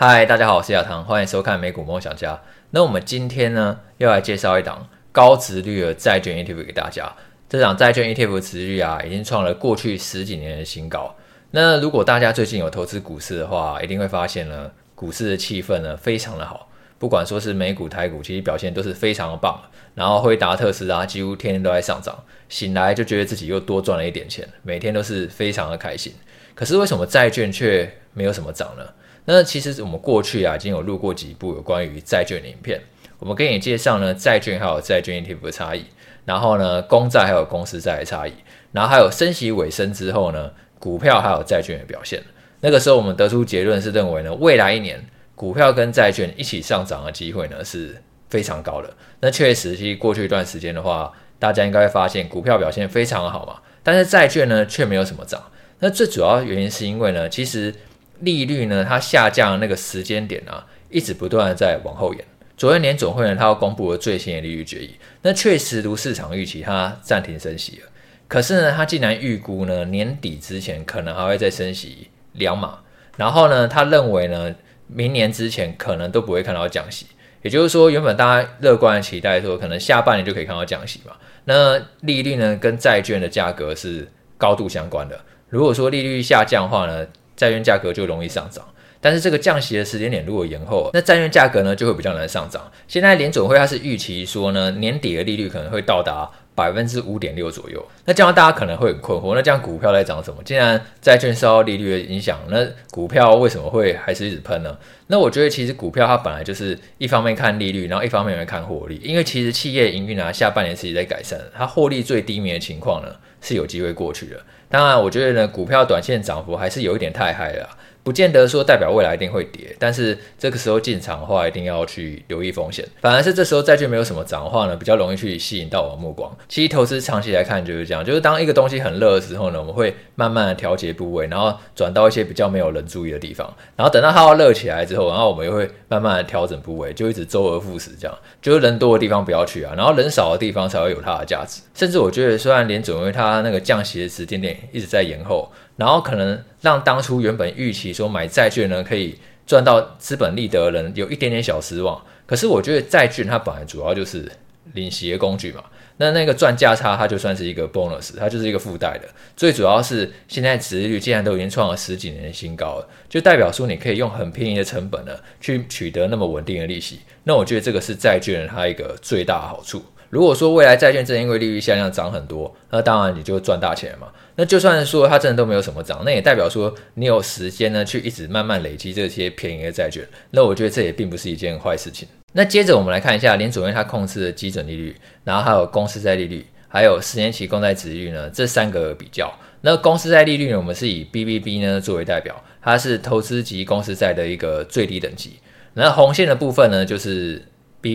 嗨，Hi, 大家好，我是亞棠，歡迎收看美股夢想家。那我們今天呢，又來介紹一檔高殖率的債券 ETF 給大家。這檔債券 ETF 的殖率啊，已經創了過去十幾年的新高。那如果大家最近有投資股市的話，一定會發現呢，股市的氣氛呢非常的好，不管說是美股、台股，其實表現都是非常的棒。然後輝達、特斯拉啊，幾乎天天都在上漲，醒來就覺得自己又多賺了一點錢，每天都是非常的開心。可是為什麼債券卻沒有什麼漲呢？那其實我們過去啊，已經有錄過幾部有關於債券的影片。我們跟你介紹呢，債券還有債券 ETF 的差異，然後呢，公債還有公司債的差異，然後還有升息尾聲之後呢，股票還有債券的表現。那個時候我們得出結論是認為呢，未來一年股票跟債券一起上漲的機會呢是非常高的。那確實，其實過去一段時間的話，大家應該會發現股票表現非常好嘛，但是債券呢卻沒有什麼漲。那最主要原因是因為呢，其實。利率呢，它下降的那個時間點呢、啊，一直不斷的在往後延。昨天年總會呢，它要公布了最新的利率決議。那確實如市場預期，它暫停升息了。可是呢，它竟然預估呢，年底之前可能還會再升息兩碼。然後呢，他認為呢，明年之前可能都不會看到降息。也就是說，原本大家樂觀的期待說，可能下半年就可以看到降息嘛。那利率呢，跟債券的價格是高度相關的。如果說利率下降的話呢，債券價格就容易上漲，但是這個降息的時間點如果延後，那債券價格呢就會比較難上漲。現在聯準會它是預期說呢，年底的利率可能會到達百分之五點六左右。那這樣大家可能會很困惑，那這樣股票在漲什麼？既然債券受到利率的影響，那股票為什麼會還是一直噴呢？那我覺得其實股票它本來就是一方面看利率，然後一方面又看獲利，因為其實企業營運啊，下半年其實在改善，它獲利最低迷的情況呢是有機會過去的。當然，我覺得呢，股票短線漲幅還是有一點太嗨了。不見得說代表未來一定會跌，但是這個時候進場的話，一定要去留意風險。反而是這時候債券沒有什麼漲的話呢，比較容易去吸引到我的目光。其實投資長期來看就是這樣，就是當一個東西很熱的時候呢，我們會慢慢的調節部位，然後轉到一些比較沒有人注意的地方，然後等到它要熱起來之後，然後我們又會慢慢的調整部位，就一直周而復始這樣。就是人多的地方不要去啊，然後人少的地方才會有它的價值。甚至我覺得，雖然聯準會它那個降息的時間點一直在延後。然後可能讓當初原本預期說，買債券呢可以賺到資本利得的人有一點點小失望。可是我覺得債券它本來主要就是領息的工具嘛，那那個賺價差它就算是一個 bonus，它就是一個附帶的。最主要是現在殖利率竟然都已經創了十幾年新高了，就代表說你可以用很便宜的成本呢去取得那麼穩定的利息，那我覺得這個是債券它一個最大的好處。如果說未來債券正因為利率下降漲很多，那當然你就賺大錢嘛。那就算說它真的都沒有什麼漲，那也代表說你有時間呢去一直慢慢累積這些便宜的債券，那我覺得這也並不是一件壞事情。那接着我們來看一下聯準會它控制的基準利率，然後還有公司債利率，還有十年期公債殖利率呢這三個比較。那公司債利率呢，我們是以 BBB 呢作為代表，它是投資級公司債的一個最低等級。然後紅線的部分呢，就是。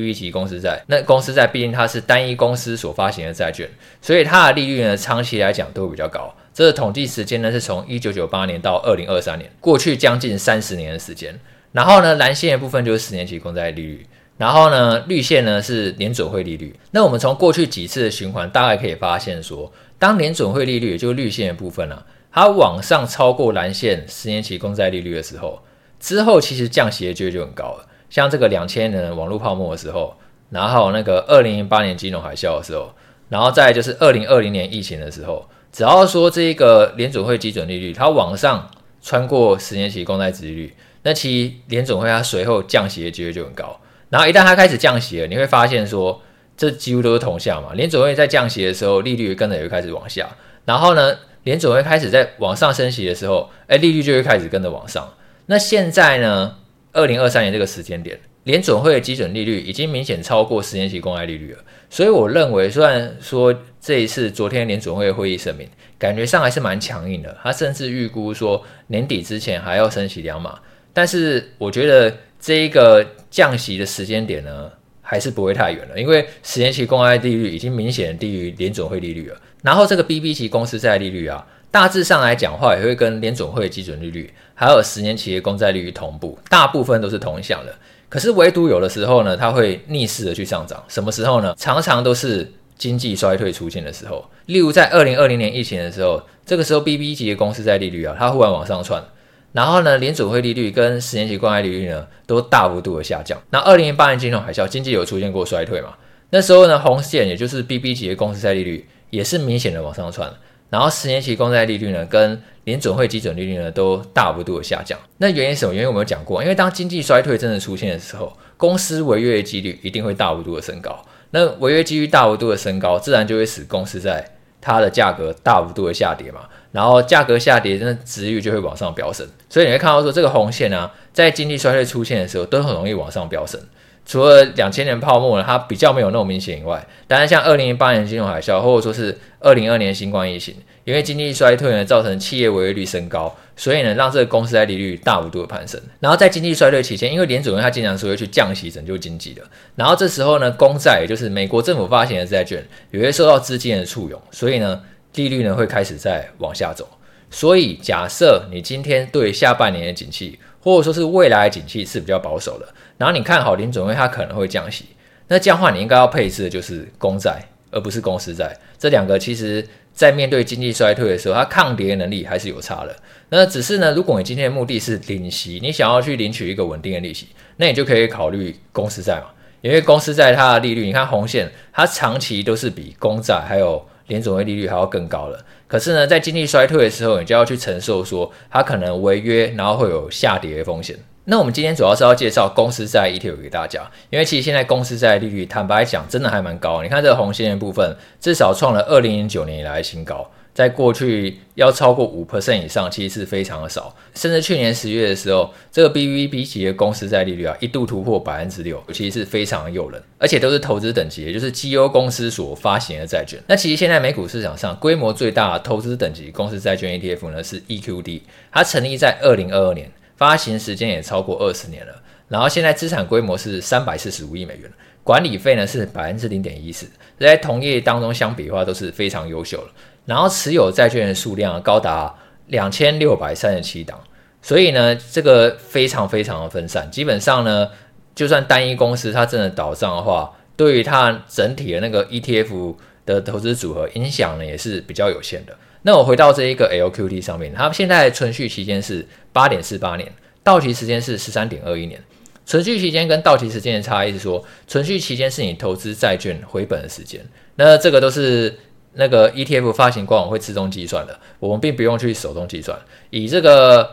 T+P 公司債，那公司債畢竟它是單一公司所發行的債券，所以它的利率呢，長期來講都會比較高。這是、個、統計時間呢，是從一九九八年到二零二三年，過去將近三十年的時間。然後呢，藍線的部分就是十年期公債利率，然後呢，綠線呢是聯準會利率。那我們從過去幾次的循環，大概可以發現說，當聯準會利率，也就是綠線的部分呢、啊，它往上超過藍線十年期公債利率的時候，之後其實降息的幾率就很高了。像這個兩千年網絡泡沫的時候，然後那個二零零八年金融海嘯的時候，然後再就是二零二零年疫情的時候，只要說這個聯準會基準利率它往上穿過十年期公債殖利率，那其聯準會它隨後降息的機會就很高。然後一旦它開始降息了，你會發現說這幾乎都是同向嘛。聯準會在降息的時候，利率跟着也會開始往下。然後呢，聯準會開始在往上升息的時候，哎、欸，利率就會開始跟着往上。那現在呢？二零二三年這個時間點，聯準會的基準利率已經明顯超過十年期公債利率了，所以我認為，雖然說這一次昨天聯準會的會議聲明，感覺上還是蠻強硬的，他甚至預估說年底之前還要升息兩碼，但是我覺得這一個降息的時間點呢，還是不會太遠了，因為十年期公債利率已經明顯低於聯準會利率了，然後這個 B B 級公司債利率啊。大致上來講話，也會跟聯準會的基準利率還有十年期的公債利率同步，大部分都是同向的。可是唯獨有的時候呢，它會逆勢的去上漲。什麼時候呢？常常都是經濟衰退出現的時候。例如在二零二零年疫情的時候，這個時候 B B 級的公司債利率啊，它忽然往上竄。然後呢，聯準會利率跟十年期公債利率呢，都大幅度的下降。那二零零八年金融海嘯，經濟有出現過衰退嘛？那時候呢，紅線也就是 B B 級的公司債利率，也是明顯的往上竄。然後十年期公債利率呢，跟聯準會基準利率呢，都大幅度的下降。那原因什麼？原因我們有講過，因為當經濟衰退真的出現的時候，公司違約的幾率一定會大幅度的升高。那違約幾率大幅度的升高，自然就會使公司債它的價格大幅度的下跌嘛。然後價格下跌，那殖利率就會往上飆升。所以你會看到說，這個紅線呢、啊，在經濟衰退出現的時候，都很容易往上飆升。除了兩千年泡沫呢，它比較沒有那麼明顯以外，當然像二零零八年金融海嘯，或者說是二零二零年新冠疫情，因為經濟衰退呢，造成企業違約率升高，所以呢，讓這個公司債利率大幅度的攀升。然後在經濟衰退期間，因為聯準會它經常是會去降息拯救經濟的，然後這時候呢，公債也就是美國政府發行的債券，有些受到資金的簇擁，所以呢，利率呢會開始在往下走。所以假設你今天對下半年的景氣。或者說是未來景氣是比較保守的，然後你看好聯準會，它可能會降息。那這樣的話，你應該要配置的就是公債，而不是公司債。這兩個其實在面對經濟衰退的時候，它抗跌能力還是有差的。那只是呢，如果你今天的目的是領息，你想要去領取一個穩定的利息，那你就可以考慮公司債嘛，因為公司債它的利率，你看紅線，它長期都是比公債還有。連準會利率還要更高了，可是呢，在經濟衰退的時候，你就要去承受說它可能違約，然後會有下跌的風險。那我們今天主要是要介紹公司債 ETF 給大家，因為其實現在公司債利率，坦白講，真的還蠻高。你看這個紅線的部分，至少創了二零零九年以來的新高。在過去要超過五 percent 以上其 B B、啊，其實是非常的少。甚至去年十月的時候，這個 BBB 級的公司債利率啊一度突破百分之六，其實是非常誘人。而且都是投資等級，也就是績優公司所發行的債券。那其實現在美股市場上規模最大的投資等級公司債券 ETF 呢是 EQD，它成立在二零二二年，發行時間也超過二十年了。然後現在資產規模是三百四十五億美元，管理費呢是百分之零點一四，在同業當中相比的話都是非常優秀了。然後持有債券的數量高達兩千六百三十七檔，所以呢，這個非常非常的分散。基本上呢，就算單一公司它真的倒賬的話，對於它整體的那個 ETF 的投資組合影響呢，也是比較有限的。那我回到這一個 LQT 上面，它現在存續期間是八點四八年，到期時間是十三點二一年。存續期間跟到期時間的差異是說，存續期間是你投資債券回本的時間，那這個都是。那個 ETF 發行官網會自動計算的，我們並不用去手動計算。以這個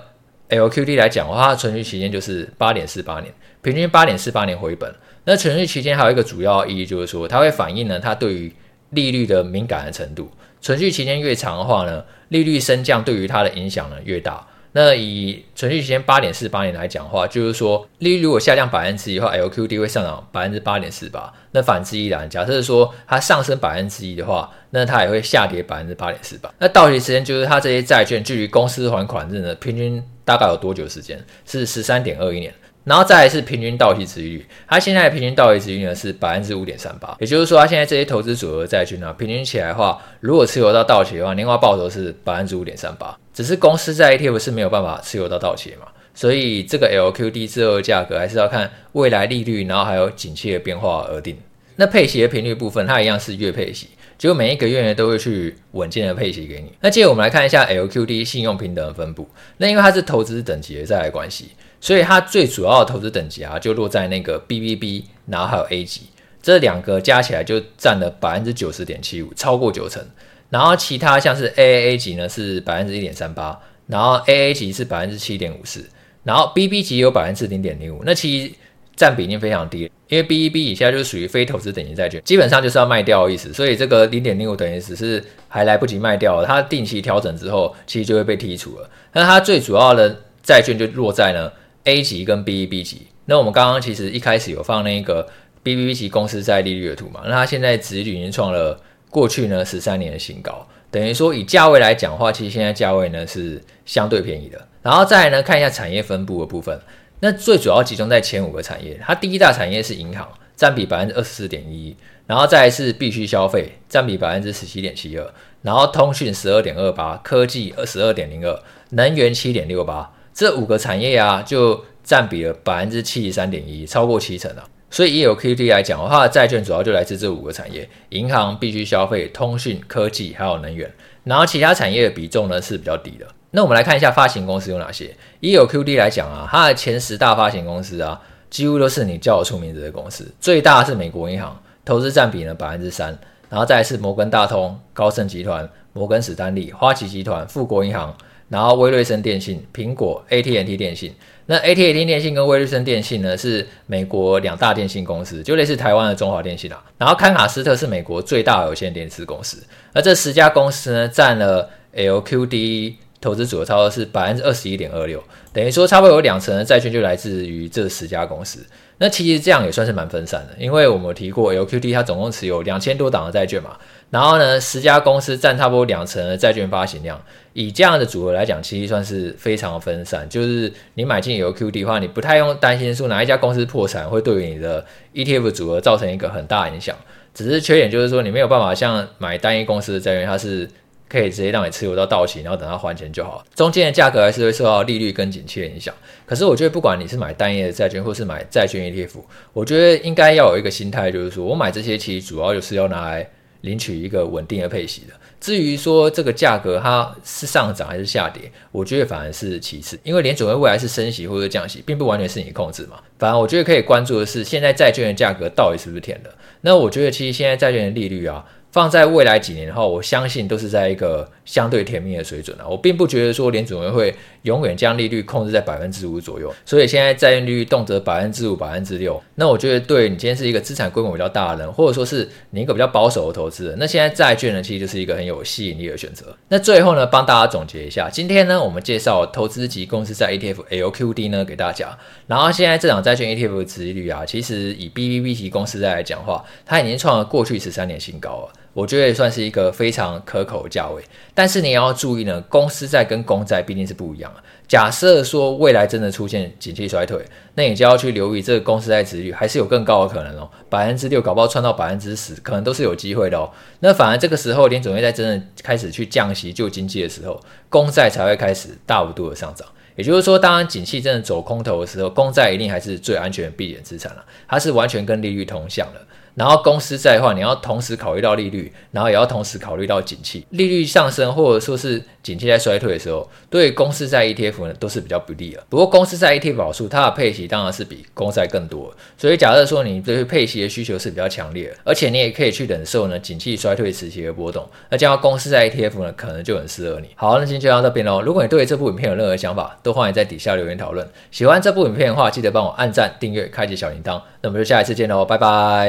LQD 來講的話，它的存續期間就是八點四八年，平均八點四八年回本。那存續期間還有一個主要意義就是說，它會反映呢，它對於利率的敏感的程度。存續期間越長的話呢，利率升降對於它的影響呢，越大。那以存續時間八點四八年來講的話，就是說利率如果下降百分之一的話，LQD 會上漲百分之八點四八。那反之亦然，假設說它上升百分之一的話，那它也會下跌百分之八點四八。那到期時間就是它這些債券距離公司還款日呢，平均大概有多久時間？是十三點二一年。然後再來是平均到期殖利率，它現在的平均到期殖利率呢是百分之五點三八，也就是說它現在這些投資組合的債券呢、啊，平均起來的話，如果持有到到期的話，年化報酬是百分之五點三八。只是公司債 ETF 是沒有辦法持有到到期嘛，所以這個 LQD 之後的價格還是要看未來利率，然後還有景氣的變化而定。那配息的頻率部分，它一樣是月配息，就每一個月呢都會去穩健的配息給你。那接着我們來看一下 LQD 信用評等分布，那因為它是投資等級的債的關係。所以它最主要的投資等級啊，就落在那個 BBB，然後還有 A 級，這兩個加起來就佔了百分之九十點七五，超過九成。然後其他像是 AAA 級呢，是百分之一點三八，然後 AA 級是百分之七點五四，然後 BB 級有百分之零點零五。那其實佔比已經非常低，因為 BB 以下就屬於非投資等級債券，基本上就是要賣掉的意思。所以這個零點零五等於只是還來不及賣掉，它定期調整之後，其實就會被剔除了。那它最主要的債券就落在呢。A 級跟 B 一 B 級，那我們剛剛其實一開始有放那個 B B B 級公司債利率的圖嘛，那它現在殖利率已經創了過去呢十三年的新高，等於說以價位來講話，其實現在價位呢是相對便宜的。然後再來呢看一下產業分布的部分，那最主要集中在前五個產業，它第一大產業是銀行，占比百分之二十四點一，然後再來是必需消費，占比百分之十七點七二，然後通訊十二點二八，科技二十二點零二，能源七點六八。這五個產業啊，就占比了百分之七十三點一，超過七成啊。所以以 LQD 來講它的話，債券主要就來自這五個產業：銀行、必須消費、通訊、科技還有能源。然後其他產業的比重呢是比較低的。那我們來看一下發行公司有哪些。以 LQD 來講啊，它的前十大發行公司啊，幾乎都是你叫得出名字的公司。最大是美國銀行，投資占比呢百分之三。然後再來是摩根大通、高盛集團、摩根史丹利、花旗集團、富國銀行。然後，威瑞森電信、蘋果、AT&T 電信，那 AT&T 電信跟威瑞森電信呢，是美國兩大電信公司，就類似台灣的中華電信啦、啊。然後，康卡斯特是美國最大的有線電視公司。而這十家公司呢，占了 LQD 投資組合差不多是百分之二十一點二六，等於說差不多有兩成的債券就來自於這十家公司。那其實這樣也算是蠻分散的，因為我們有提過 LQD 它總共持有兩千多檔的債券嘛。然後呢，十家公司占差不多兩成的債券發行量。以這樣的組合來講，其實算是非常分散。就是你買進有 QD 的話，你不太用擔心說哪一家公司破產會對於你的 ETF 組合造成一個很大影響。只是缺點就是說，你沒有辦法像買單一公司的債券，它是可以直接讓你持有到到期，然後等它還錢就好。中間的價格還是會受到利率跟景氣的影響。可是我覺得，不管你是買單一的債券，或是買債券 ETF，我覺得應該要有一個心態，就是說我買這些其實主要就是要拿來。領取一個穩定的配息的。至於說這個價格它是上漲還是下跌，我覺得反而是其次，因為聯準會未來是升息或者降息，並不完全是你控制嘛。反而我覺得可以關注的是，現在債券的價格到底是不是甜的？那我覺得其實現在債券的利率啊，放在未來幾年的話，我相信都是在一個相對甜蜜的水準啊。我並不覺得說聯準會會永遠將利率控制在百分之五左右，所以現在債券利率,率動輒百分之五、百分之六。那我覺得對你今天是一個資產規模比較大的人，或者說是你一個比較保守的投資人，那現在債券呢，其實就是一個很有吸引力的選擇。那最後呢，幫大家總結一下，今天呢，我們介紹投資級公司債 ETF LQD 呢給大家，然後現在這檔債券 ETF 的殖利率啊，其實以 BBB 級公司債來講的話，它已經創了過去十三年新高了。我覺得也算是一個非常可口的價位，但是你也要注意呢，公司債跟公債畢竟是不一樣。假設說未來真的出現景氣衰退，那你就要去留意這個公司債殖利率還是有更高的可能哦、喔，百分之六搞不好竄到百分之十，可能都是有機會的哦、喔。那反而這個時候，聯準會在真的開始去降息救經濟的時候，公債才會開始大幅度的上漲。也就是說，當然，景氣真的走空頭的時候，公債一定還是最安全的避險資產了，它是完全跟利率同向的。然後公司債的話，你要同時考慮到利率，然後也要同時考慮到景氣。利率上升或者說是景氣在衰退的時候，對於公司債 ETF 呢都是比較不利的。不過公司債 ETF 好處它的配息當然是比公債更多了，所以假設說你對於配息的需求是比較強烈，而且你也可以去忍受呢景氣衰退時期的波動，那這樣公司債 ETF 呢可能就很適合你。好，那今天就到這邊嘍。如果你對這部影片有任何想法，都歡迎在底下留言討論。喜歡這部影片的話，記得幫我按讚、訂閱、開啟小鈴鐺。那我們就下一次見嘍，拜拜。